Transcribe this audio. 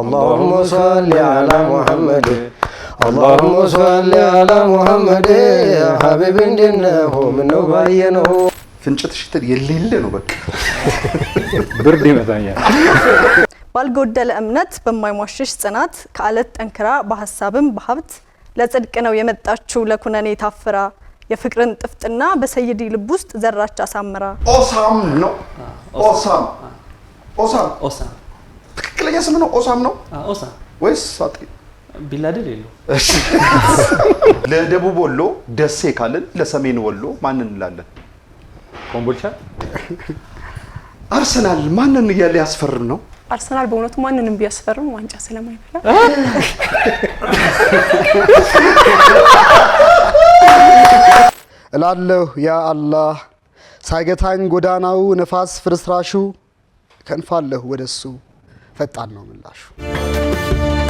اللهم صل على محمد اللهم صل على محمድ ሀቢብ እንድነሆ ምነው ባየነው ፍንጭት ሽትል የሌለ ነው። በቃ ብርድ ይመታኛል። ባልጎደለ እምነት በማይሟሽሽ ጽናት ከአለት ጠንክራ በሀሳብም በሀብት ለጽድቅ ነው የመጣችው ለኩነኔ ታፍራ የፍቅርን ጥፍጥና በሰይዲ ልብ ውስጥ ዘራች አሳምራ ኦሳም ነው ኦሳም ኦሳም ስም ነው ኦሳም ነው ኦሳ ወይስ አጥቂ ቢላደል የለው። ለደቡብ ወሎ ደሴ ካልን ለሰሜን ወሎ ማን እንላለን? ኮምቦልቻ አርሰናል ማንን እያለ ያስፈርም ነው? አርሰናል በእውነቱ ማንንም ቢያስፈርም ዋንጫ ስለማይበላ እላለሁ። ያ አላህ ሳይገታኝ ጎዳናው ነፋስ ፍርስራሹ ከንፋለሁ ወደሱ ፈጣን ነው ምላሹ።